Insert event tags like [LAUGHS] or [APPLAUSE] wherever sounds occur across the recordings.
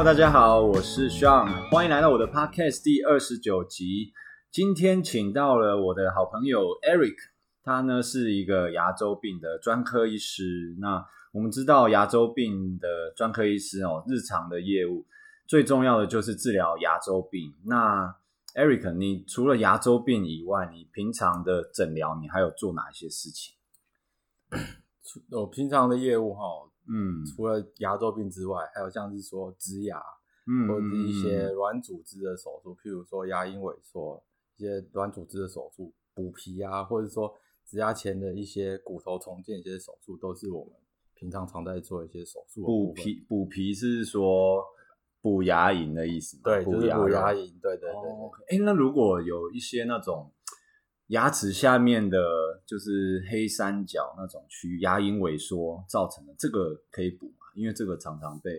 Hello，大家好，我是 Sean，歡迎來到我的 podcast 第二十九集。今天請到了我的好朋友 Eric，他呢是一個牙周病的專科醫師。那我們知道牙周病的專科醫師哦，日常的業務最重要的就是治療牙周病。那 Eric，你除了牙周病以外，你平常的診療你還有做哪些事情？我、哦、平常的業務哈。嗯，除了牙周病之外，還有像是說植牙，嗯，或者一些軟組織的手術，嗯、譬如說牙齦萎縮，一些軟組織的手術，補皮啊，或者說植牙前的一些骨頭重建的一些手術，都是我們平常常在做一些手術。補皮，補皮是說補牙齦的意思。對，就是補牙齦。對，就是補牙齦，對對對。哎、哦 okay. 欸，那如果有一些那種。牙齒下面的就是黑三角那種區域，牙齦萎縮造成的，這個可以補嗎？因為這個常常被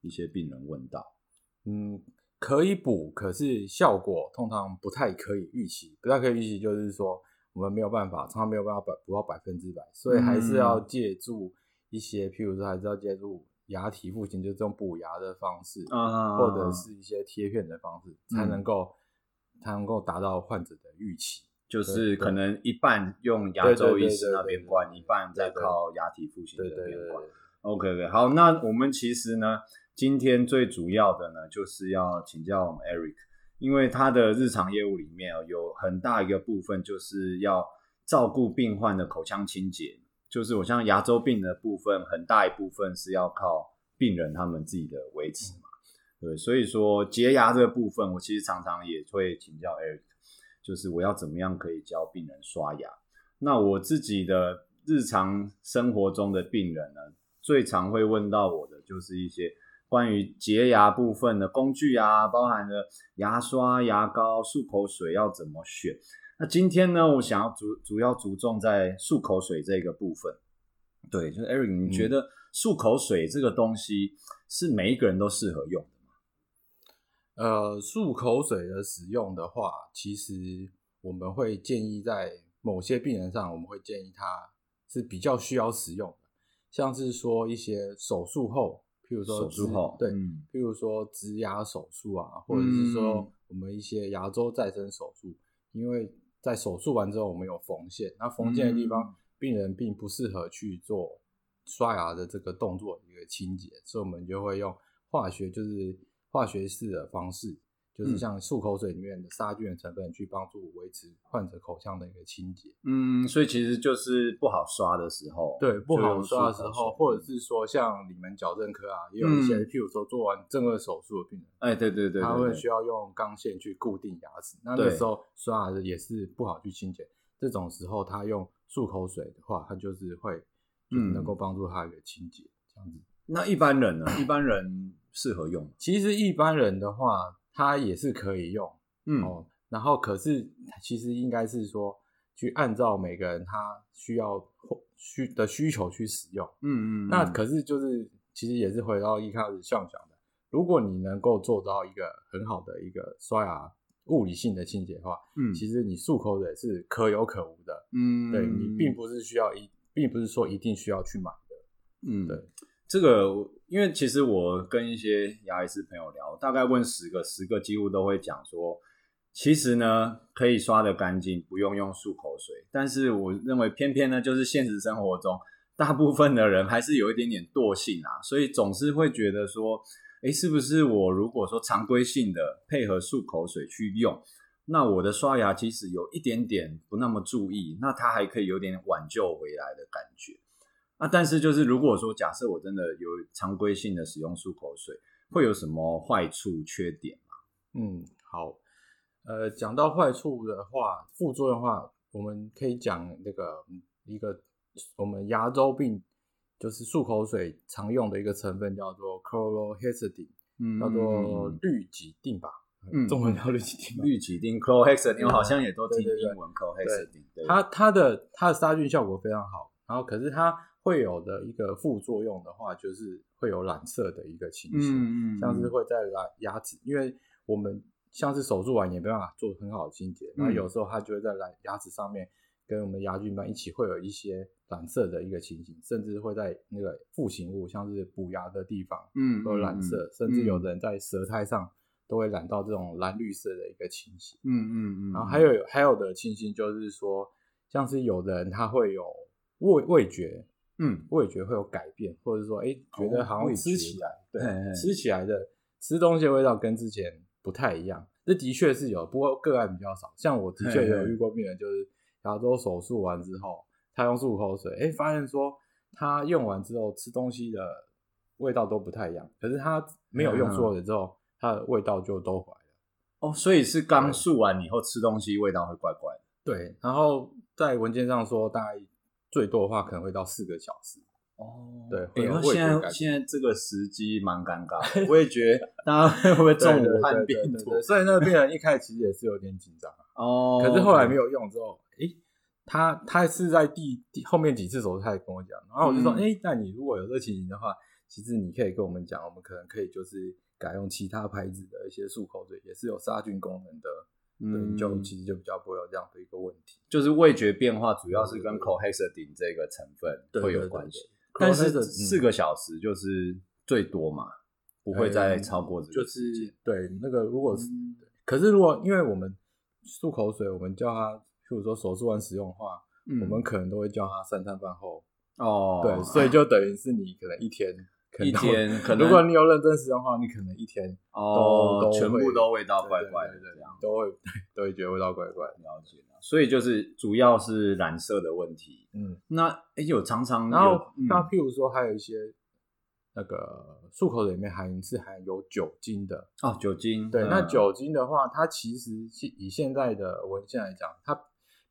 一些病人問到。嗯，可以補，可是效果通常不太可以預期，不太可以預期，就是說我們沒有辦法，通常沒有辦法補到百分之百，所以還是要借助一些，嗯、譬如說還是要借助牙體複形，就是這種補牙的方式，啊，或者是一些貼片的方式，才能夠、嗯、才能夠達到患者的預期。就是可能一半用牙周醫師那邊管，一半在靠牙體復形那邊管。OK OK，好，那我們其實呢，今天最主要的呢，就是要請教我們 Eric，因為他的日常業務裡面啊，有很大一個部分就是要照顧病患的口腔清潔，就是我像牙周病的部分，很大一部分是要靠病人他們自己的維持嘛。對，所以說潔牙這個部分，我其實常常也會請教 Eric。就是我要怎麼樣可以教病人刷牙？那我自己的日常生活中的病人呢，最常會問到我的就是一些關於潔牙部分的工具啊，包含了牙刷、牙膏、漱口水要怎麼選？那今天呢，我想要主主要着重在漱口水這個部分。對，就是 Eric，你覺得漱口水這個東西是每一個人都適合用？呃，漱口水的使用的話，其實我們會建議在某些病人上，我們會建議他是比較需要使用的，像是說一些手術後，譬如說手術後，對，嗯、譬如說植牙手術啊，或者是說我們一些牙周再生手術，嗯、因為在手術完之後我們有縫線，那縫線的地方、嗯、病人並不適合去做刷牙的這個動作一個清潔，所以我們就會用化學就是。化學式的方式，就是像漱口水裡面的殺菌的成分，去幫助維持患者口腔的一個清潔。嗯，所以其實就是不好刷的時候，對，不好刷的時候，或者是說像你們矯正科啊，也有一些，譬如說做完正顎手術的病人，哎，對對對，他們需要用鋼線去固定牙齒，那那時候刷也是不好去清潔。這種時候，他用漱口水的話，它就是會，就能夠幫助他一個清潔，這樣子。那一般人呢？ [COUGHS] 一般人適合用？其實一般人的話，他也是可以用，嗯、哦。然後可是，其實應該是說，去按照每個人他需要需的需求去使用，嗯，嗯嗯。那可是就是，其實也是回到一開始像講的，如果你能夠做到一個很好的一個刷牙物理性的清潔的話，嗯，其實你漱口水是可有可無的，嗯，嗯。對你並不是需要一，並不是說一定需要去買的，嗯，對。這個，因為其實我跟一些牙醫師朋友聊，大概問十個，十個幾乎都會講說，其實呢可以刷得乾淨，不用用漱口水。但是我認為，偏偏呢就是現實生活中，大部分的人還是有一點點惰性啊，所以總是會覺得說，誒，是不是我如果說常規性的配合漱口水去用，那我的刷牙其實有一點點不那麼注意，那它還可以有點挽救回來的感覺。那、啊、但是就是，如果說假設我真的有常規性的使用漱口水，會有什麼壞處、缺點嗎？嗯，好，呃，講到壞處的話，副作用的話，我們可以講那個一個我們牙周病就是漱口水常用的一個成分叫做 chlorhexidine，o、oh 嗯、叫做氯己定吧，嗯、中文叫氯己定，定，氯己定 chlorhexidine，o、嗯、我好像也都聽英文 chlorhexidine，對它它的它的殺菌效果非常好，然後可是它。會有的一個副作用的話，就是會有染色的一個情形，嗯嗯、像是會在藍牙齒，因為我們像是手術完也沒辦法做很好的清潔，那、嗯、有時候它就會在藍牙齒上面跟我們牙菌斑一起，會有一些染色的一個情形，甚至會在那個復形物，像是補牙的地方，嗯，都會染色，嗯嗯、甚至有人在舌苔上都會染到這種藍綠色的一個情形，嗯嗯嗯，嗯嗯，然後還有、嗯、還有的情形就是說，像是有人他會有味味覺。嗯，味覺得會有改變，或者說，哎、欸，覺得好像吃起來，哦、起來對，嗯、吃起來的、嗯、吃東西的味道跟之前不太一樣。這的確是有，不過個案比較少。像我的確有遇過病人，就是牙周、嗯、手術完之後，他用漱口水，哎、欸，發現說他用完之後吃東西的味道都不太一樣。可是他沒有用漱口水之後，嗯嗯他的味道就都回來了。哦，所以是剛漱完以後、嗯、吃東西味道會怪怪的。對，然後在文件上說大概。最多的話可能會到四個小時哦，對。你說、哎、現在現在這個時機蠻尷尬，我也覺得 [LAUGHS] 大家會不會中武漢病毒？所以那個病人一開始其實也是有點緊張哦，可是後來沒有用之後，哎對，他他是在第後面幾次時候他才跟我講，然後我就說，哎、嗯，那、欸、你如果有這情形的話，其實你可以跟我們講，我們可能可以就是改用其他牌子的一些漱口水，也是有殺菌功能的。嗯，就其實就比較不會有這樣的一個問題，嗯、就是味覺變化主要是跟 Chlorhexidine 這個成分會有關係。對對對對，但是四個小時就是最多嘛，嗯、不會再超過這個時間，就是、對，那個如果、嗯、可是如果因為我們漱口水，我們叫他，譬如說手術完使用的話，嗯、我們可能都會叫他三餐飯後哦。對，所以就等於是你可能一天。一天，可能如果你有認真使用的話，你可能一天都、哦、都會全部都味道怪怪的對對對對對，這樣都會對都會覺得味道怪怪，了解。所以就是主要是染色的問題。嗯，那、欸、有常常有然後那、嗯、譬如說還有一些那個漱口水裡面含是含有酒精的哦，酒精。對，嗯、那酒精的話，它其實是以現在的文獻來講，它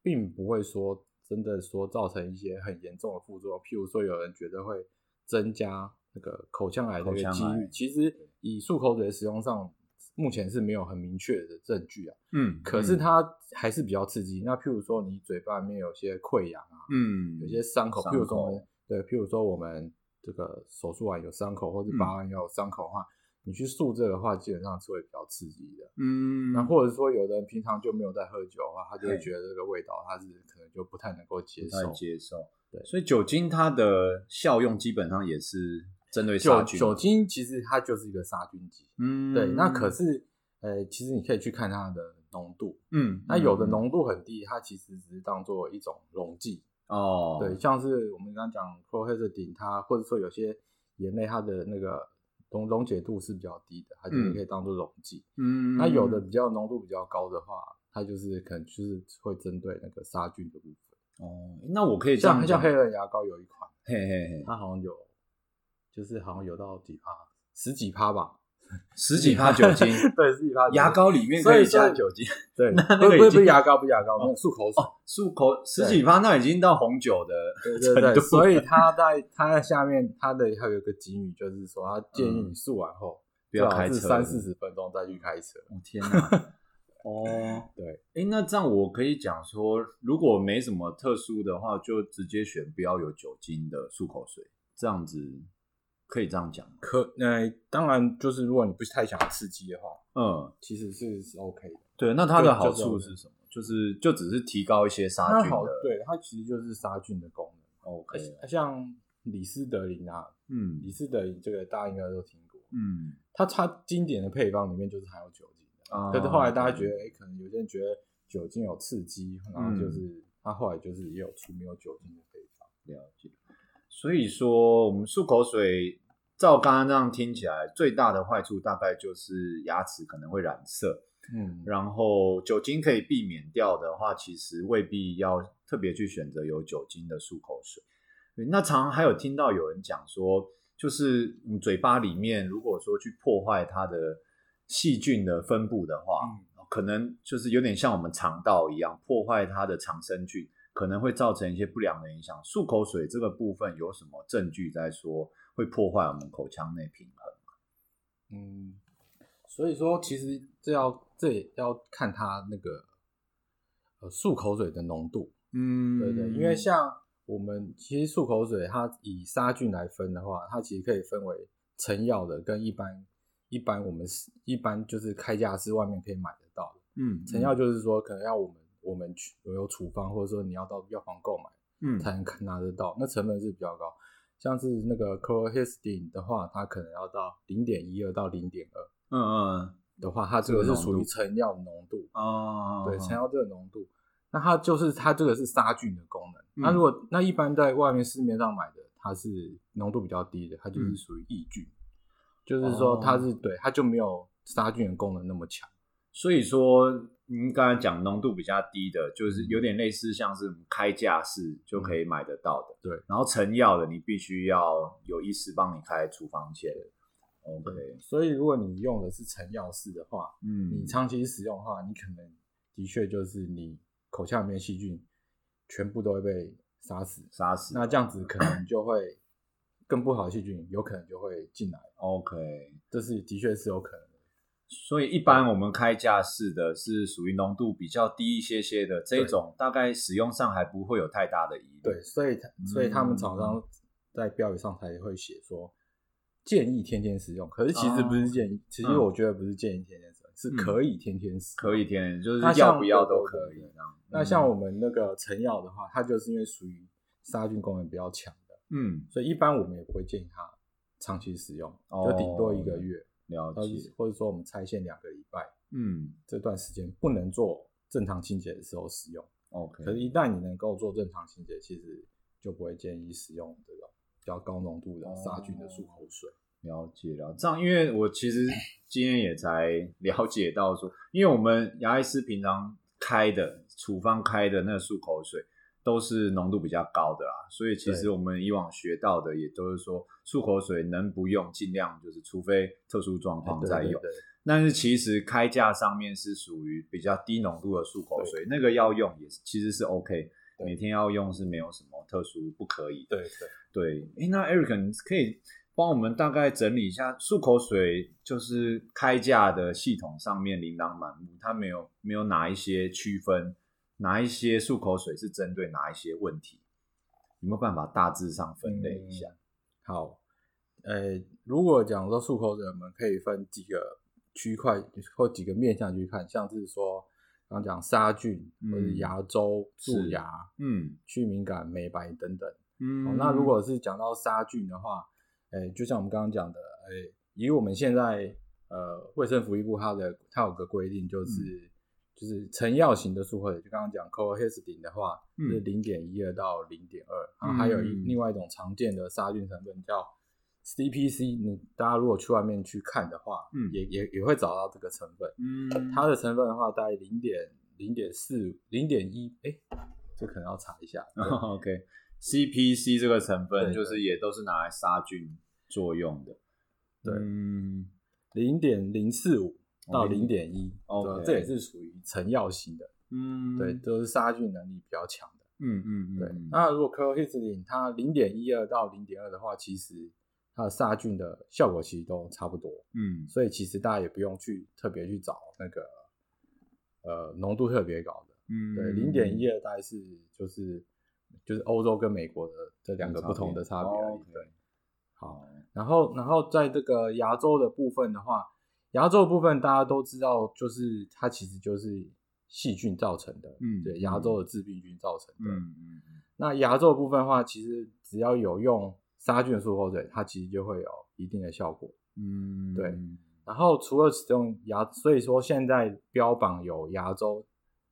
並不會說真的說造成一些很嚴重的副作用。譬如說有人覺得會增加。那個口腔癌的一個機率。其實以漱口水的使用上，目前是沒有很明確的證據啊。嗯，可是它還是比較刺激。嗯、那譬如說，你嘴巴裡面有些潰瘍啊，嗯，有些傷口，傷口譬如說，對，譬如說我們這個手術完有傷口，或是拔完牙有傷口的話，嗯、你去漱這個的話，基本上是會比較刺激的。嗯，那或者是說，有的人平常就沒有在喝酒的話，他就會覺得這個味道，他是可能就不太能夠接受。接受，對。對所以酒精它的效用基本上也是，針對殺菌酒，酒精其實它就是一個殺菌劑。嗯，對。那可是、呃，其實你可以去看它的濃度。嗯，那有的濃度很低，它其實只是當做一種溶劑。哦，對，像是我們剛剛講 Chlorhexidine，它，或者說有些鹽類，它的那個溶解度是比較低的，它就可以當做溶劑。嗯，那有的比較濃度比較高的話，嗯、它就是可能就是會針對那個殺菌的部分。哦，那我可以這樣講，像像黑人牙膏有一款，嘿嘿嘿，它好像有。就是好像有到幾趴、啊，十幾趴吧，十幾趴酒精， [LAUGHS] 對，十幾趴。牙膏裡面可以加酒精，是酒精對。那那不那不是牙,牙膏，不是牙膏，漱口水，哦、漱口十幾趴，那已經到紅酒的程度對對對對所以他在他在下面，他的還有一個給予，就是說他建議你漱完後、嗯、不要開車，三四十分鐘再去開車。我天吶， [LAUGHS] 哦，對，哎、欸，那這樣我可以講說，如果沒什麼特殊的話，就直接選不要有酒精的漱口水，這樣子。可以這樣講，可那、欸、當然就是如果你不太想要刺激的話，嗯，其實是是 OK 的。對，那它的好處是什麼？就是就只是提高一些殺菌的。對，它其實就是殺菌的功能。OK、欸。像李斯德林啊，嗯，李斯德林這個大家應該都聽過，嗯，它它經典的配方裡面就是含有酒精的，啊、嗯，可是後來大家覺得，哎、欸，可能有些人覺得酒精有刺激，然、嗯、後、嗯、就是它後來就是也有出沒有酒精的配方，了解。所以說我們漱口水。照剛剛那樣聽起來，最大的壞處大概就是牙齒可能會染色。嗯，然後酒精可以避免掉的話，其實未必要特別去選擇有酒精的漱口水。那常還有聽到有人講說，就是你嘴巴裡面如果說去破壞它的細菌的分布的話，嗯，可能就是有點像我們腸道一樣，破壞它的長生菌，可能會造成一些不良的影響。漱口水這個部分有什麼證據在說？會破壞我們口腔內平衡，嗯，所以說其實這要這也要看它那個呃漱口水的濃度，嗯，對，對對，因為像我們其實漱口水它以殺菌來分的話，它其實可以分為成藥的跟一般，一般我們是一般就是開架是外面可以買得到的，嗯，成藥就是說可能要我們我們有有處方，或者說你要到藥房購買，嗯，才能拿得到，嗯、那成本是比較高。像是那個 chlorhexidine 的話，它可能要到零點一二到零點二，嗯嗯，的話，它這個是屬於成藥濃度，啊、嗯，對，成藥這個濃度，嗯、那它就是它這個是殺菌的功能，那如果那一般在外面市面上買的，它是濃度比較低的，它就是屬於抑菌，嗯、就是說它是對它就沒有殺菌的功能那麼強。所以說，您、嗯、剛才講濃度比較低的，就是有點類似像是開架式就可以買得到的。對、嗯。然後成藥的，你必須要有醫師幫你開處方簽。對 OK。所以如果你用的是成藥式的話，嗯，你長期使用的話，你可能的確就是你口腔裡面細菌全部都會被殺死，殺死。那這樣子可能就會更不好的細菌有可能就會進來。OK，這是的確是有可能。所以一般我們開架式的是屬於濃度比較低一些些的這種，大概使用上還不會有太大的疑慮。對，所以他所以他們常常在標語上才會寫說，建議天天使用，可是其實不是建議，哦、其實我覺得不是建議天天使用，嗯、是可以天天使用，可以天天就是要不要都可以、嗯、那像我們那個成藥的話，它就是因為屬於殺菌功能比較強的，嗯，所以一般我們也不會建議它長期使用，哦、就頂多一個月。了解，或者說我們拆線兩個禮拜，嗯，這段時間不能做正常清潔的時候使用。OK，可是一旦你能夠做正常清潔，其實就不會建議使用這個比較高濃度的殺菌的漱口水。哦、了解了解，這樣，因為我其實今天也才了解到說，因為我們牙醫師平常開的處方開的那個漱口水。都是濃度比較高的啦，所以其實我們以往學到的也都是說，漱口水能不用盡量就是，除非特殊狀況再用。對對對對，但是其實開架上面是屬於比較低濃度的漱口水，對那個要用也是其實是 OK，對每天要用是沒有什麼特殊不可以的。對對對、欸，那 Eric 你可以幫我們大概整理一下漱口水就是開架的系統上面琳琅滿目，它沒有沒有哪一些區分。哪一些漱口水是針對哪一些問題？有沒有辦法大致上分類一下？嗯嗯好，呃，如果講說漱口水，我們可以分幾個區塊或幾個面向去看，像是說剛剛講殺菌或者牙周、蛀牙、嗯芽、嗯，去敏感、美白等等。嗯，嗯、哦，那如果是講到殺菌的話，誒、呃，就像我們剛剛講的，誒、呃，以我們現在呃衛生福利部它的它有個規定就是，嗯就是成藥型的漱口水，就剛剛講 cohesin 的話，嗯、是零點一二到零點二。然後還有一、嗯、另外一種常見的殺菌成分叫 CPC、嗯。大家如果去外面去看的話，嗯、也也也會找到這個成分。嗯，它的成分的話，大概零點零點四零點一，哎，這可能要查一下。哦、OK，CPC、okay. 這個成分就是也都是拿來殺菌作用的。對，零點零四五。對嗯 0. 0到零點一，這也是屬於成藥型的，嗯，對，都、就是殺菌能力比較強的，嗯嗯,嗯對。嗯那如果 Chlorhexidine 它零點一二到零點二的話，其實它的殺菌的效果其實都差不多，嗯，所以其實大家也不用去特別去找那個，呃，濃度特別高的，嗯，對，零點一二大概是就是就是歐洲跟美國的這兩個不同的差別而已，嗯差 oh, okay. 對，Okay. 好，然後然後在這個亞洲的部分的話。牙周部分大家都知道，就是它其實就是細菌造成的，嗯，對，牙周的致病菌造成的，嗯嗯。那牙周部分的話，其實只要有用殺菌漱口水，它其實就會有一定的效果，嗯，對。然後除了使用牙，所以說現在標榜有牙周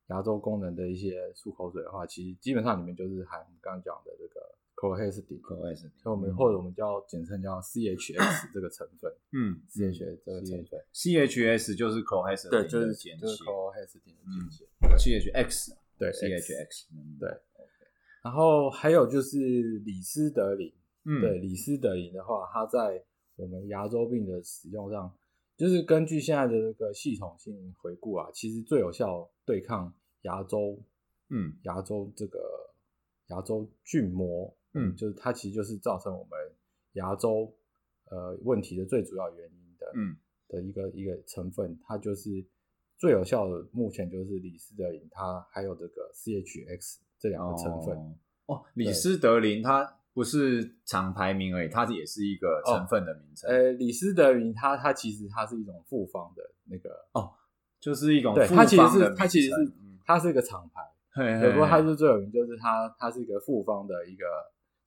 牙周功能的一些漱口水的話，其實基本上裡面就是含剛講的這個，Chlorhexidine，Chlorhexidine，e 我們或者我們叫簡稱叫 CHX 這個成分，嗯，CHX 這個成分，CHX 就是 Chlorhexidine，e 對，就是簡就是 Chlorhexidine e 簡寫，CHX，對，CHX，對，然後還有就是李斯德林，嗯，對，李斯德林的話，它在我們牙周病的使用上，就是根據現在的這個系統性回顧啊，其實最有效對抗牙周，嗯，牙周這個牙周菌膜。嗯，就是它其實就是造成我們牙周呃問題的最主要原因的，嗯，的一個一個成分，它就是最有效的目前就是李斯德林，它還有這個 CHX 這兩個成分哦，哦。李斯德林它不是廠牌名而已，它也是一個成分的名稱。呃、哦欸，李斯德林它它其實它是一種複方的那個哦，就是一種複方的，對，它其實是它其實是它、嗯、是一個廠牌，嘿嘿不過它是最有名，就是它它是一個複方的一個。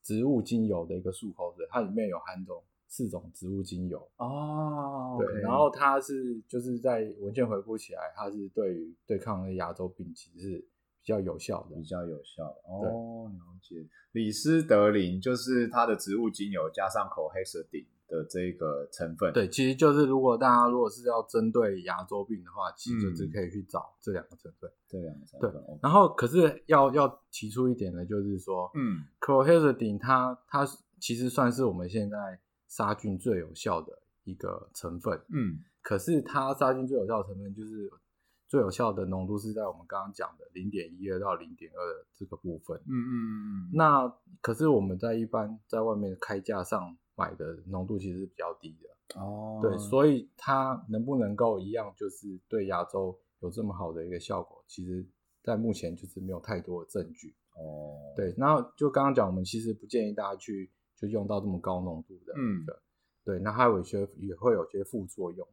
植物精油的一個漱口水，它裡面有含種四種植物精油哦，對，然後它是就是在文獻回顧起來，它是對於對抗那牙周病其實是比較有效的，比較有效的。哦，對了解。李斯德林就是它的植物精油加上口黑舌頂。的這個成分，對，其實就是如果大家如果是要針對牙周病的話，其實就只可以去找這兩個成分，嗯、這兩個成分。對，Okay. 然後可是要要提出一點呢，就是說，嗯，chlorhexidine 它，它其實算是我們現在殺菌最有效的一個成分，嗯，可是它殺菌最有效的成分就是最有效的濃度是在我們剛剛講的零點一二到零點二的這個部分，嗯嗯嗯嗯。那可是我們在一般在外面的開架上買的濃度其實是比較低的哦，對，所以它能不能夠一樣，就是對牙周有這麼好的一個效果，其實在目前就是沒有太多的證據哦。對，那就剛剛講，我們其實不建議大家去就用到這麼高濃度的，嗯，對，那還有一些也會有些副作用，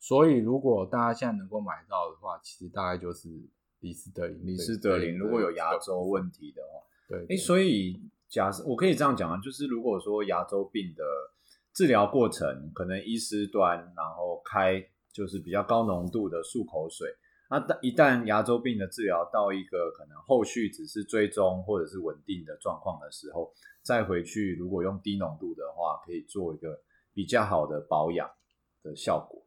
所以如果大家現在能夠買到的話，其實大概就是李斯特林，李斯特林，如果有牙周問題的話，對，對，對，欸，所以。假設我可以這樣講啊，就是如果說牙周病的治療過程，可能醫師端然後開就是比較高濃度的漱口水，啊，但一旦牙周病的治療到一個可能後續只是追蹤或者是穩定的狀況的時候，再回去如果用低濃度的話，可以做一個比較好的保養的效果，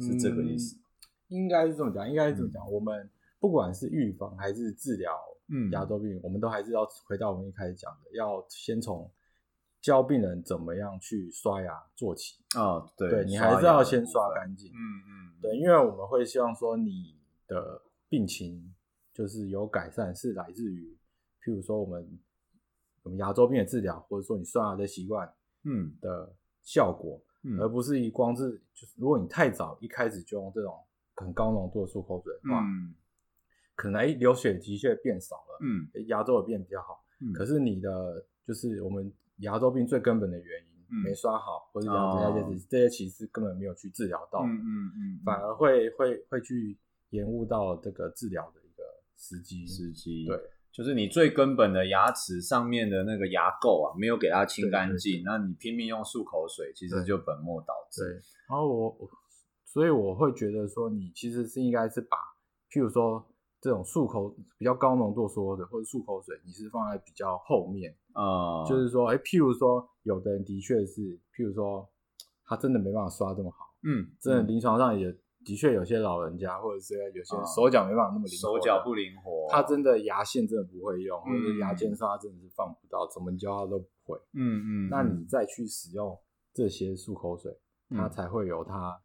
是這個意思？嗯，應該是這麼講，應該是這麼講，嗯，我們。不管是預防還是治療，嗯，牙周病，我們都還是要回到我們一開始講的，要先從教病人怎麼樣去刷牙做起啊、哦。對，對你還是要先刷乾淨、嗯。嗯嗯。對，因為我們會希望說你的病情就是有改善，是來自於譬如說我們我們牙周病的治療，或者說你刷牙的習慣，嗯，的效果，嗯、而不是光是就是如果你太早一開始就用這種很高濃度的漱口水的話。嗯可能誒，流血的確變少了，嗯、欸，牙周也變比較好，嗯。可是你的就是我們牙周病最根本的原因，嗯，沒刷好，或者牙齒、牙結石、哦、這些其實根本沒有去治療到嗯，嗯嗯嗯，反而會、嗯、會會去延誤到這個治療的一個時機時機，時機對，就是你最根本的牙齒上面的那個牙垢啊，沒有給它清乾淨，對對對那你拼命用漱口水，其實就本末倒置。嗯、對，然後我所以我會覺得說，你其實是應該是把，譬如說。這種漱口比較高濃度說的，或者漱口水，你是放在比較後面，嗯、就是說，欸，譬如說，有的人的確是，譬如說，他真的沒辦法刷這麼好。嗯，真的，臨床上也，嗯、的確有些老人家，或者是有些人手腳沒辦法那麼靈活，啊，手腳不靈活，他真的牙線真的不會用，或者牙間刷真的是放不到，嗯、怎麼教他都不會。嗯嗯。嗯，那你再去使用這些漱口水，它，嗯、才會有它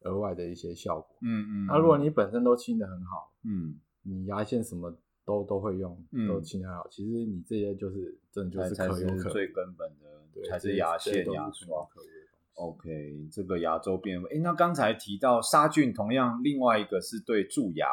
額外的一些效果。嗯嗯。嗯，那如果你本身都清得很好，嗯。嗯你牙線什麼都都會用，都清理好。嗯、其實你這些就是真的就是可有可才才是最根本的對才是牙線對牙刷。這可可 OK，這個牙周病，哎、欸，那剛才提到殺菌，同樣另外一個是對蛀牙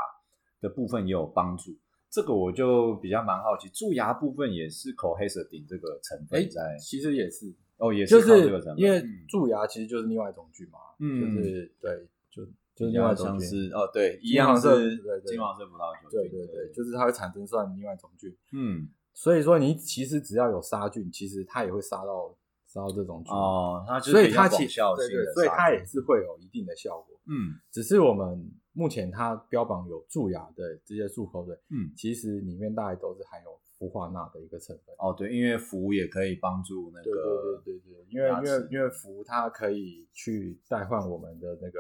的部分也有幫助。這個我就比較蠻好奇，蛀牙部分也是口黑色頂這個成分在，欸、其實也是哦，也是靠這個成分，因為蛀牙其實就是另外一種菌嘛，嗯，就是對就。就是另外一種菌是哦？對，一樣是，金是不一，對，金黃色葡萄酒，對對對，對對對，就是它會產生算另外一種菌，嗯，所以說你其實只要有殺菌，其實它也會殺到殺到這種菌啊，哦、它就是所以它其實對，對對，所以它也是會有一定的效果，嗯，只是我們目前它標榜有蛀牙的這些漱口水，嗯，其實裡面大概都是含有氟化鈉的一個成分，哦，對，因為氟也可以幫助那個，對，對對對，因為因為因為氟它可以去代換我們的那個。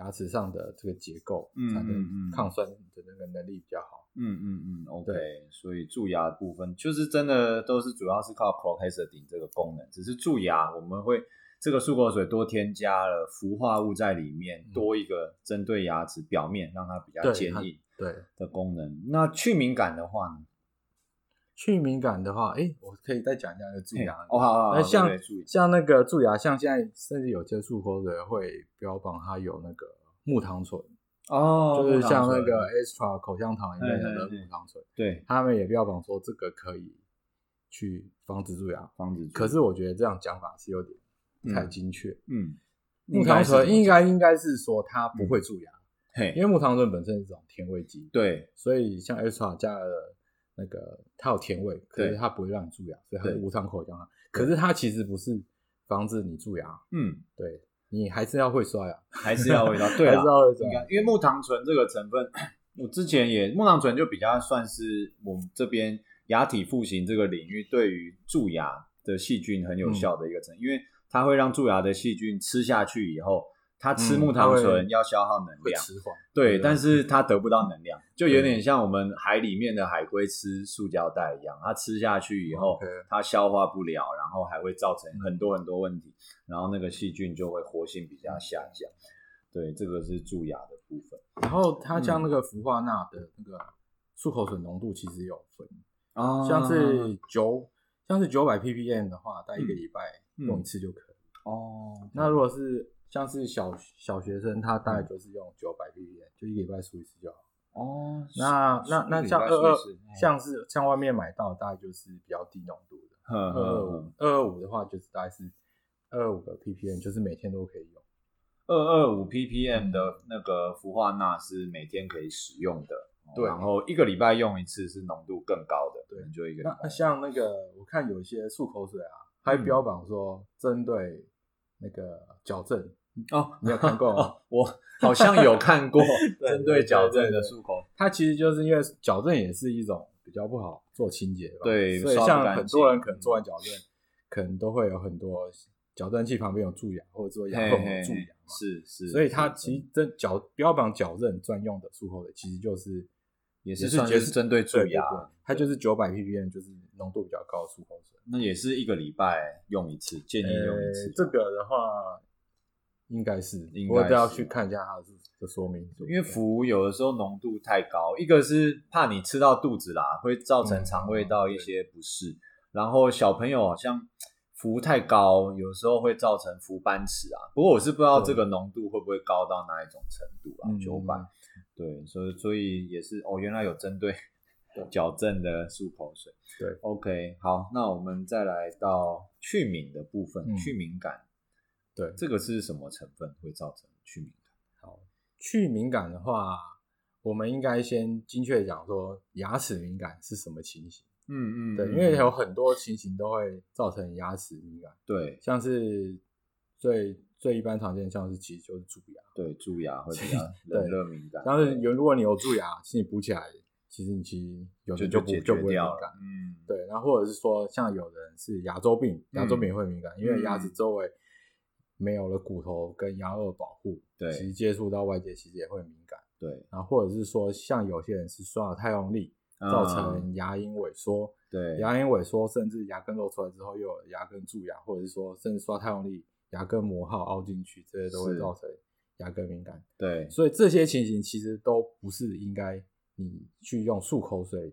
牙齒上的這個結構，嗯嗯，抗酸的那個能力比較好，嗯嗯嗯對，OK，所以蛀牙部分就是真的都是主要是靠 protection 這個功能，只是蛀牙我們會這個漱口水多添加了氟化物在裡面，嗯、多一個針對牙齒表面讓它比較堅硬對的功能。那去敏感的話呢？去敏感的話，哎、欸，我可以再講一下那個蛀牙。哦，好好好。像像那個蛀牙，像現在甚至有些漱口水會標榜它有那個木糖醇哦，就是像那個 Extra 口香糖裡面的木糖醇。對、哦，他們也標榜說這個可以去防止蛀牙，防止。可是我覺得這樣講法是有點不太精確。嗯，木糖醇應該應該是說它不會蛀牙、嗯，嘿，因為木糖醇本身是一種甜味劑。對，所以像 Extra 加了。那個它有甜味，可是它不會讓你蛀牙，所以對它無糖口香糖。對可是它其實不是防止你蛀牙，嗯，對，你還是要會刷牙、啊，嗯、還是要會刷、啊。對，還是要會摔啊， [LAUGHS] 會刷啊，因為木糖醇這個成分，我之前也木糖醇就比較算是我們這邊牙體復型這個領域，對於蛀牙的細菌很有效的一個成分，嗯、因為它會讓蛀牙的細菌吃下去以後。它吃木糖醇要消耗能量，對，但是它得不到能量，就有點像我們海裡面的海龜吃塑膠袋一樣，它吃下去以後，它消化不了，然後還會造成很多很多問題，然後那個細菌就會活性比較下降。對，這個是蛀牙的部分。然後它像那個氟化鈉的那個漱口水濃度其實有分，哦，像是九像是九百 ppm 的話，大概一個禮拜用一次就可以。哦，那如果是。像是小小學生，他大概就是用九百 ppm，就一個禮拜漱一次就好。哦，那那那像二二，像是像外面買到，大概就是比較低濃度的。二二五，二二五的話就是大概是二二五個 ppm，就是每天都可以用。二二五 ppm 的那個氟化鈉是每天可以使用的。對，然後一個禮拜用一次是濃度更高的，對。就一個。那像那個，我看有一些漱口水啊，還標榜說針對那個矯正。哦，沒有看過、啊，哦， [LAUGHS] 我好像有看過針 [LAUGHS] 對矯對正的漱口，它其實就是因為矯正也是一種比較不好做清潔，對，所以像很多人可能做完矯正，嗯、可能都會有很多矯正器旁邊有蛀牙或者做牙縫蛀牙嘛，是是，所以它其實針矯標榜矯正專用的漱口水，其實就是也是算是針對蛀牙，它就是九百 ppm，就是濃度比較高的漱口水，那也是一個禮拜用一次，建議用一次，欸、這個的話。應該是，應該是、啊、我都要去看一下它的說明。因為氟有的時候濃度太高，一個是怕你吃到肚子啦，會造成腸胃道一些不適。嗯嗯、然後小朋友好像氟太高，有時候會造成氟斑齒啊。不過我是不知道這個濃度會不會高到哪一種程度啊？九百、嗯，班對，所以所以也是哦，原來有針對矯對正的漱口水。對，OK，好，那我們再來到去敏的部分，嗯、去敏感。對，這個是什麼成分會造成去敏感？好，去敏感的話，我們應該先精確地講說牙齒敏感是什麼情形。嗯嗯，對，因為有很多情形都會造成牙齒敏感。對，像是最最一般常見，像是其實就是蛀牙。對，蛀牙會比較冷熱敏感。但是有如果你有蛀牙，是你補起來，其實你其實有時候就解決掉了。嗯，對，然後或者是說像有人是牙周病，牙周病也會敏感，因為牙齒周圍。沒有了骨頭跟牙顎保護，對，其實接觸到外界其實也會敏感，對。然後、啊、或者是說，像有些人是刷了太用力，造成牙齦萎縮，對、嗯，牙齦萎縮甚至牙根露出來之後又有牙根蛀牙，或者是說甚至刷太用力，牙根磨耗凹進去，這些都會造成牙根敏感，對。所以這些情形其實都不是應該你去用漱口水。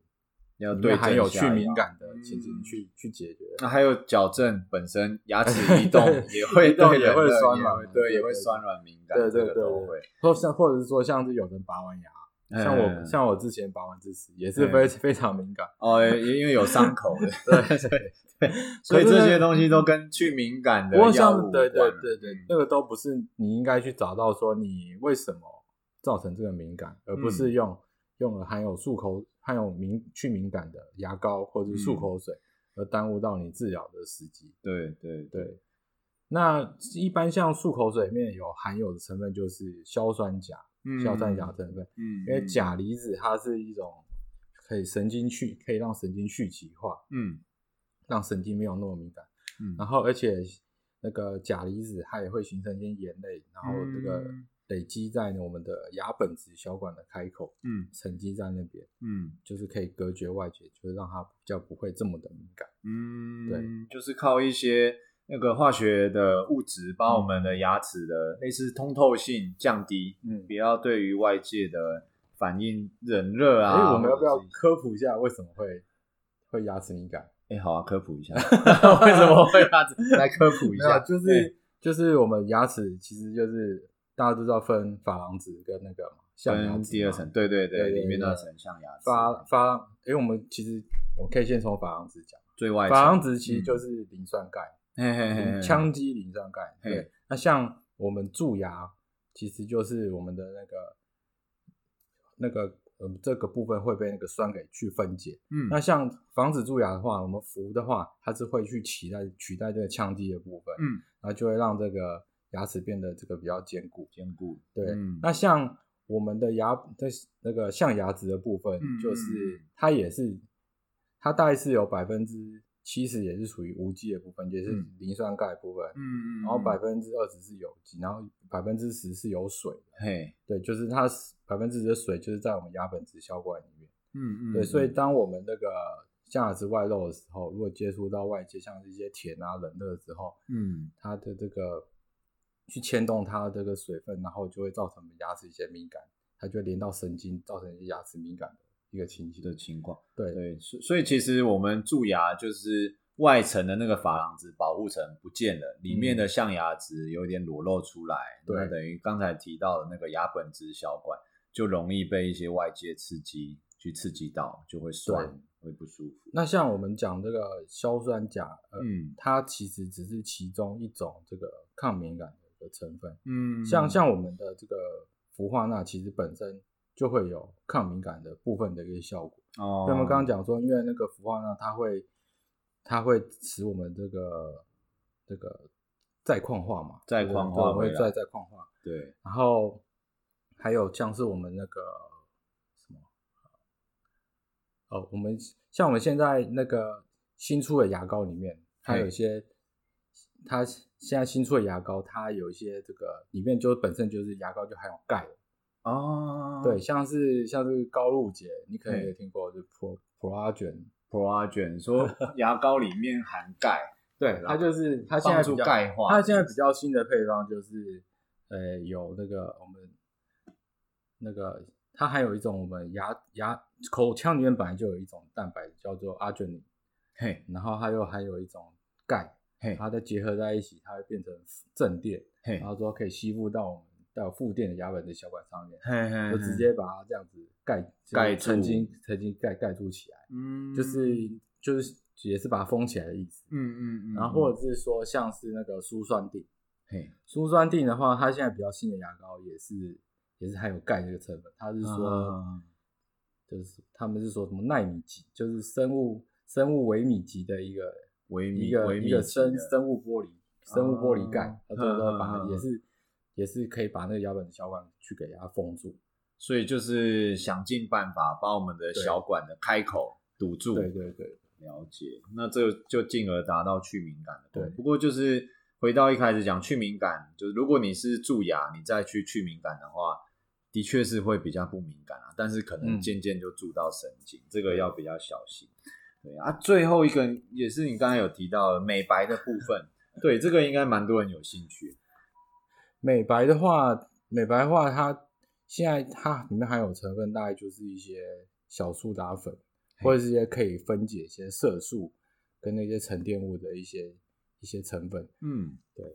要對含有去敏感的情形去去去解決，那還有矯正本身牙齒移動也會也也會酸嘛？對，也會酸軟敏感。對對對對，或像或者是說像是有人拔完牙，像我像我之前拔完智齒也是非非常敏感哦，因為有傷口的。對對對，所以這些東西都跟去敏感的藥物，對對對對，那個都不是你應該去找到說你為什麼造成這個敏感，而不是用用了含有漱口。它有敏去敏感的牙膏或者是漱口水，嗯、而耽誤到你治療的時機。對對對，那一般像漱口水裡面有含有的成分就是硝酸鉀，嗯、硝酸鉀成分，嗯、因為鉀離子它是一種可以神經去可以讓神經去極化，嗯，讓神經沒有那麼敏感，嗯、然後而且那個鉀離子它也會形成一些鹽類，然後這個。嗯累積在我們的牙本質小管的開口，嗯，沉積在那邊，嗯，就是可以隔絕外界，就是讓它比較不會這麼的敏感，嗯，對，就是靠一些那個化學的物質，把我們的牙齒的類似通透性降低，嗯，不要對於外界的反應冷熱啊。所以、欸、我們要不要科普一下為什麼會會牙齒敏感？哎、欸，好啊，科普一下 [LAUGHS] [LAUGHS] 為什麼會牙齒來 [LAUGHS] 科普一下，就是對就是我們牙齒其實就是。大家都知道分琺瑯質跟那個象牙質，第二層，對對對，對對對裡面的二層象牙。琺、琺，因為、欸、我們其實我們可以先從琺瑯質講，最外層。珐琅質其實就是磷酸鈣，羥嘿嘿嘿嘿基磷酸鈣。對，嘿嘿那像我們蛀牙，其實就是我們的那個嘿那個嗯這個部分會被那個酸給去分解。嗯，那像防止蛀牙的話，我們氟的話，它是會去取代取代這個羥基的部分，嗯，然後就會讓這個。牙齒變得這個比較堅固，堅固。對，嗯、那像我們的牙的那個象牙質的部分，嗯嗯、就是它也是，它大概是有百分之七十也是屬於無機的部分，嗯、也是磷酸鈣部分。嗯嗯、然後百分之二十是有機，然後百分之十是有水。嘿，對，就是它百分之十的水就是在我們牙本質小管裡面。嗯嗯。嗯對，所以當我們那個象牙質外露的時候，如果接觸到外界，像這些甜啊、冷熱的時候嗯，它的這個。去牽動它的這個水分，然後就會造成我們牙齒一些敏感，它就會連到神經，造成一些牙齒敏感的一個情情的情況。對，所以其實我們蛀牙就是外層的那個珐琅質保護層不見了，裡面的象牙質有點裸露出來，對、嗯，那它等於剛才提到的那個牙本質小管，就容易被一些外界刺激去刺激到，就會酸，對會不舒服。那像我們講這個硝酸鉀，呃、嗯，它其實只是其中一種這個抗敏感的成分，嗯，像像我們的這個氟化鈉，其實本身就會有抗敏感的部分的一個效果。哦，那麼剛剛講說，因為那個氟化鈉，它會它會使我們這個這個再礦化嘛，再礦化，是是對我們會再再礦化。對。然後還有像是我們那個什麼，哦，我們像我們現在那個新出的牙膏裡面，它有一些。它現在新出的牙膏，它有一些這個裡面就本身就是牙膏就含有鈣哦，啊、對，像是像是高露潔，你可能也聽過，嘿就是 Pro Pro Argin Pro Argin 說 [LAUGHS] 牙膏裡面含鈣，對吧，它就是它現在出鈣化，它現在比較新的配方就是呃有那個我們那個它還有一種我們牙牙口腔裡面本來就有一種蛋白叫做 Arginine 嘿，然後還有還有一種鈣。Hey, 它再結合在一起，它會變成正電，hey, 然後說可以吸附到我們帶有負電的牙本質小管上面，hey, hey, hey, 就直接把它這樣子蓋蓋住，曾經曾經蓋蓋住起來，嗯，就是就是也是把它封起來的意思，嗯嗯嗯，嗯嗯然後或者是說像是那個舒酸定。嘿、嗯，舒酸定的話，它現在比較新的牙膏也是也是含有鈣這個成分，它是說、嗯、就是他們是說什麼奈米級，就是生物生物微米級的一個。一個的一的生生物玻璃，啊、生物玻璃蓋，或者說把也是也是可以把那個牙本小管去給它封住，所以就是想盡辦法把我們的小管的開口堵住。對，對對對，了解。那這就進而達到去敏感了。對，不過就是回到一開始講去敏感，就是如果你是蛀牙，你再去去敏感的話，的確是會比較不敏感啊，但是可能漸漸就蛀到神經，嗯、這個要比較小心。嗯啊，最後一個也是你剛才有提到的美白的部分， [LAUGHS] 對，這個應該蠻多人有興趣。美白的話，美白的話，它現在它裡面含有成分，大概就是一些小蘇打粉，嘿或者是一些可以分解一些色素跟那些沉澱物的一些一些成分。嗯，對，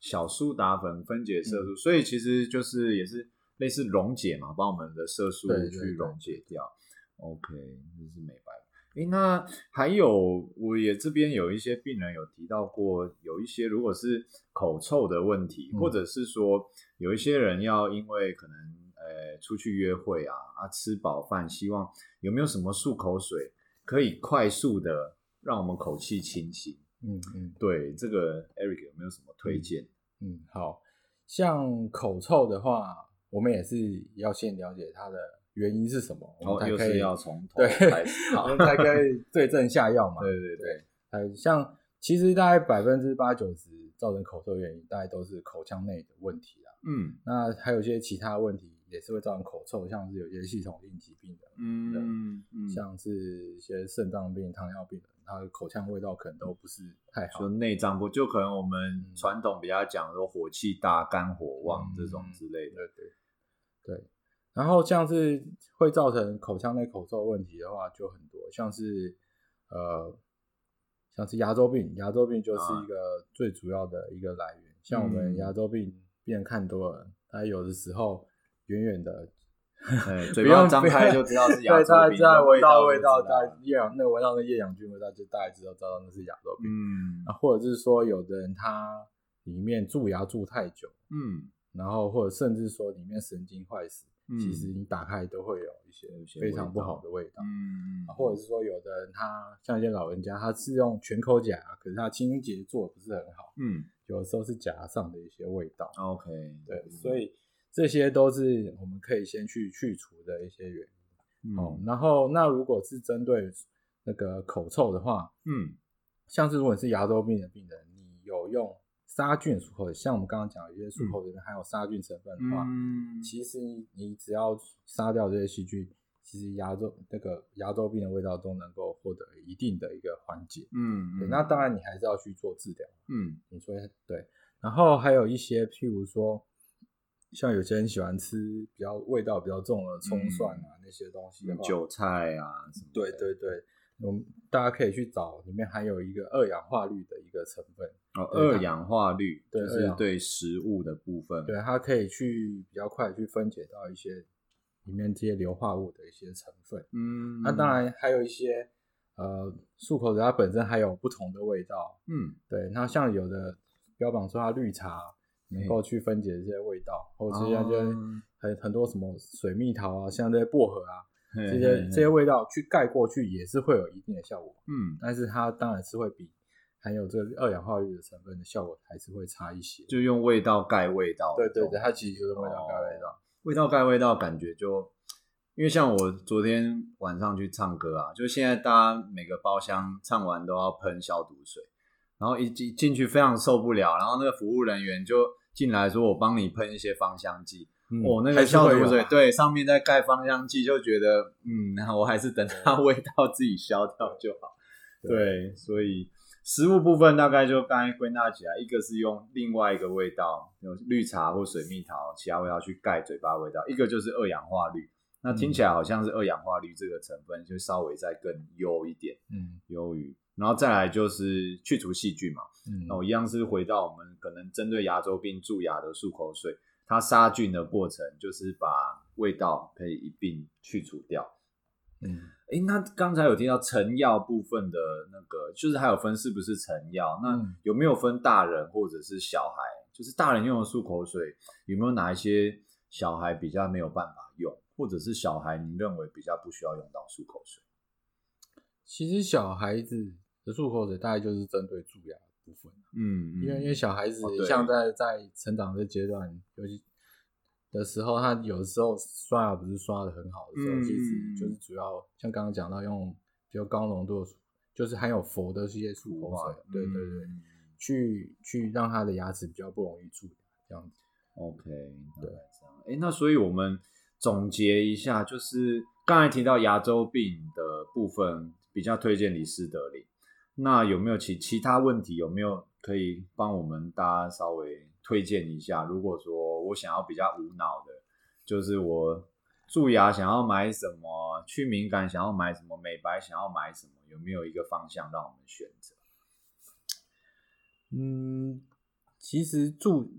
小蘇打粉分解色素，嗯、所以其實就是也是類似溶解嘛，嗯、把我們的色素去溶解掉。對對對對 OK，就是美白。誒、欸，那還有，我也這邊有一些病人有提到過，有一些如果是口臭的問題，嗯、或者是說有一些人要因為可能呃出去約會啊啊吃飽飯，希望有沒有什麼漱口水可以快速的讓我們口氣清新？嗯？嗯嗯，對，這個 Eric 有沒有什麼推薦？嗯？嗯，好。像口臭的話，我們也是要先了解他的，原因是什麼？它們可以、哦、又是要從頭開始，對好 [LAUGHS] 我們才可以對症下藥嘛。 [LAUGHS] 對對對，像其實大概百分之八九十造成口臭的原因，大概都是口腔內的問題啦。嗯，那還有一些其他問題也是會造成口臭，像是有些系統性疾病的、嗯，嗯，像是一些腎臟病、糖尿病的人，它的口腔味道可能都不是太好、嗯。就內臟不就可能我們傳統比較講說火氣大、嗯、肝火旺這種之類的，嗯、對，對，對。對然後像是會造成口腔內口臭問題的話，就很多，像是呃，像是牙周病，牙周病就是一個最主要的一個來源。像我們牙周病病人看多了，他有的時候遠遠的不用張開就知道是牙周病。對，知道味道，味道，那個聞到那厭氧菌味道，就大概知道知道那是牙周病。嗯，或者是說有的人他裡面蛀牙蛀太久，嗯，然後或者甚至說裡面神經壞死。其實你打開都會有一些非常不好的味道，嗯嗯，或者是說有的人他像一些老人家，他是用全口假，可是他清潔做的不是很好，嗯，有的時候是假上的一些味道，啊，OK，對，嗯，所以這些都是我們可以先去去除的一些原因。嗯，哦，然後那如果是針對那個口臭的話，嗯，像是如果你是牙周病的病人，你有用。殺菌漱口，像我們剛剛講的一些漱口裡面含有殺菌成分的話，嗯、其實你只要殺掉這些細菌，其實牙周那個牙周病的味道都能夠獲得一定的一個緩解。嗯嗯對，那當然你還是要去做治療。嗯，你說對。然後還有一些，譬如說，像有些人喜歡吃比較味道比較重的蔥蒜啊、嗯、那些東西，韭菜啊什麼。對對對。對對對我們大家可以去找裡面還有一個二氧化氯的一個成分，哦、二氧化氯對，就是對食物的部分，對，對它可以去比較快去分解到一些裡面這些硫化物的一些成分。嗯，那、啊、當然還有一些、嗯、呃漱口水，它本身還有不同的味道。嗯，對，那像有的標榜說它綠茶、嗯、能夠去分解這些味道，或者這些很很多什麼水蜜桃啊，像這些薄荷啊。這些這些味道去蓋過去也是會有一定的效果，嗯，但是它當然是會比含有這個二氧化氯的成分的效果還是會差一些。就用味道蓋味道，對對對，它其實就是味道蓋味道。哦，味道蓋味道，感覺就因為像我昨天晚上去唱歌啊，就現在大家每個包廂唱完都要噴消毒水，然後一進一進去非常受不了，然後那個服務人員就進來說，我幫你噴一些芳香劑。嗯、哦，那個水水消毒水，對，對上面在蓋芳香劑，就覺得，嗯，那我還是等它味道自己消掉就好。對，對，所以食物部分大概就剛才歸納起來，一個是用另外一個味道，有綠茶或水蜜桃其他味道去蓋嘴巴味道，一個就是二氧化氯。嗯、那聽起來好像是二氧化氯這個成分就稍微再更優一點，嗯，優於，然後再來就是去除細菌嘛。那我一樣是回到我們可能針對牙周病、蛀牙的漱口水。它殺菌的過程就是把味道可以一併去除掉。嗯，誒、欸，那剛才有聽到成藥部分的那個，就是還有分是不是成藥？那有沒有分大人或者是小孩？就是大人用的漱口水，有沒有哪一些小孩比較沒有辦法用，或者是小孩你認為比較不需要用到漱口水？其實小孩子的漱口水大概就是針對蛀牙。部分、嗯，嗯，因為因為小孩子像在在成長的階段，哦、尤其的時候，他有的時候刷牙不是刷得很好的時候，嗯、其實就是主要像剛剛講到用比較高濃度的，就是含有氟的這些漱口水，嗯、對對對，去去讓他的牙齒比較不容易蛀牙這樣子。OK，對，哎好對、欸，那所以我們總結一下，就是剛才提到牙周病的部分，比較推薦李斯德林。那有沒有其其他問題？有沒有可以幫我們大家稍微推薦一下？如果說我想要比較無腦的，就是我蛀牙想要買什麼，去敏感想要買什麼，美白想要買什麼，有沒有一個方向讓我們選擇？嗯，其實蛀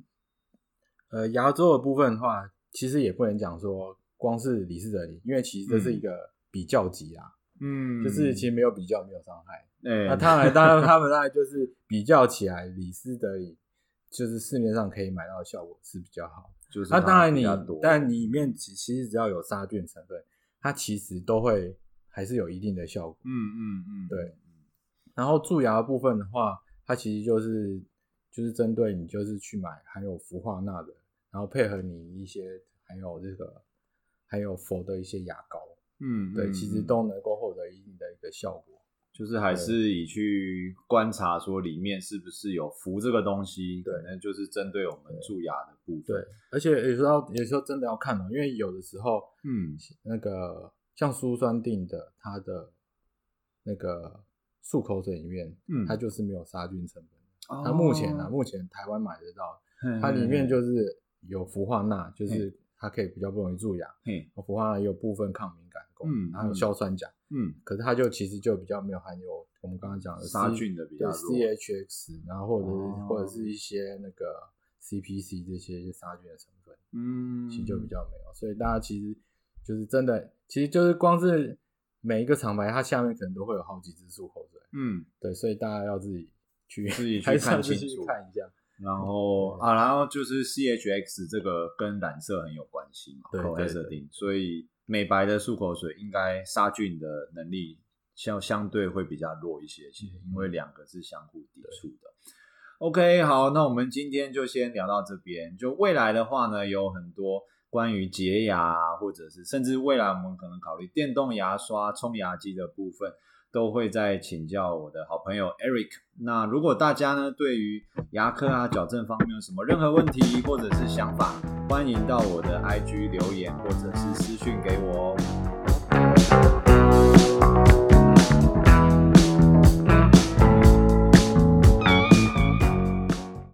呃牙周的部分的話，其實也不能講說光是李施德霖，因為其實這是一個比較級啊。嗯嗯，就是其實沒有比較，沒有傷害。欸、那當然，當然，他們當然 [LAUGHS] 他們就是比較起來，李斯德伊就是市面上可以買到的效果是比較好的。就是那當然你，但你裡面其其實只要有殺菌成分對，它其實都會還是有一定的效果。嗯嗯嗯，嗯嗯對。然後蛀牙部分的話，它其實就是就是針對你，就是去買含有氟化鈉的，然後配合你一些含有這個還有氟的一些牙膏。嗯，嗯對，其實都能夠獲得一定的一個效果，就是還是以去觀察說裡面是不是有氟這個東西，對，那就是針對我們蛀牙的部分。對，而且有時候有時候真的要看哦、啊，因為有的時候，嗯，那個像舒酸定的，它的那個漱口水裡面，嗯，它就是沒有殺菌成分。那、嗯、目前呢、啊，哦、目前台灣買得到，它裡面就是有氟化鈉，就是它可以比較不容易蛀牙。嗯，氟化鈉也有部分抗敏感。嗯，還有硝酸鉀，嗯，可是它就其實就比較沒有含有我們剛剛講的殺菌的比較弱，對 C H X，然後或者是或者是一些那個 C P C 這些殺菌的成分，嗯，其實就比較沒有，所以大家其實就是真的，其實就是光是每一個廠牌它下面可能都會有好幾支漱口水，嗯，對，所以大家要自己去自己去看一下，然後啊，然後就是 C H X 這個跟染色很有關係嘛，對，對，對，所以。美白的漱口水，應該殺菌的能力相相對會比較弱一些，其實因為兩個是相互抵觸的。對 OK，好，那我們今天就先聊到這邊。就未來的話呢，有很多關於潔牙或者是甚至未來我們可能考慮電動牙刷、沖牙機的部分。都會再請教我的好朋友 Eric。那如果大家呢，對於牙科啊矯正方面有什麼任何問題或者是想法，歡迎到我的 IG 留言或者是私訊給我哦。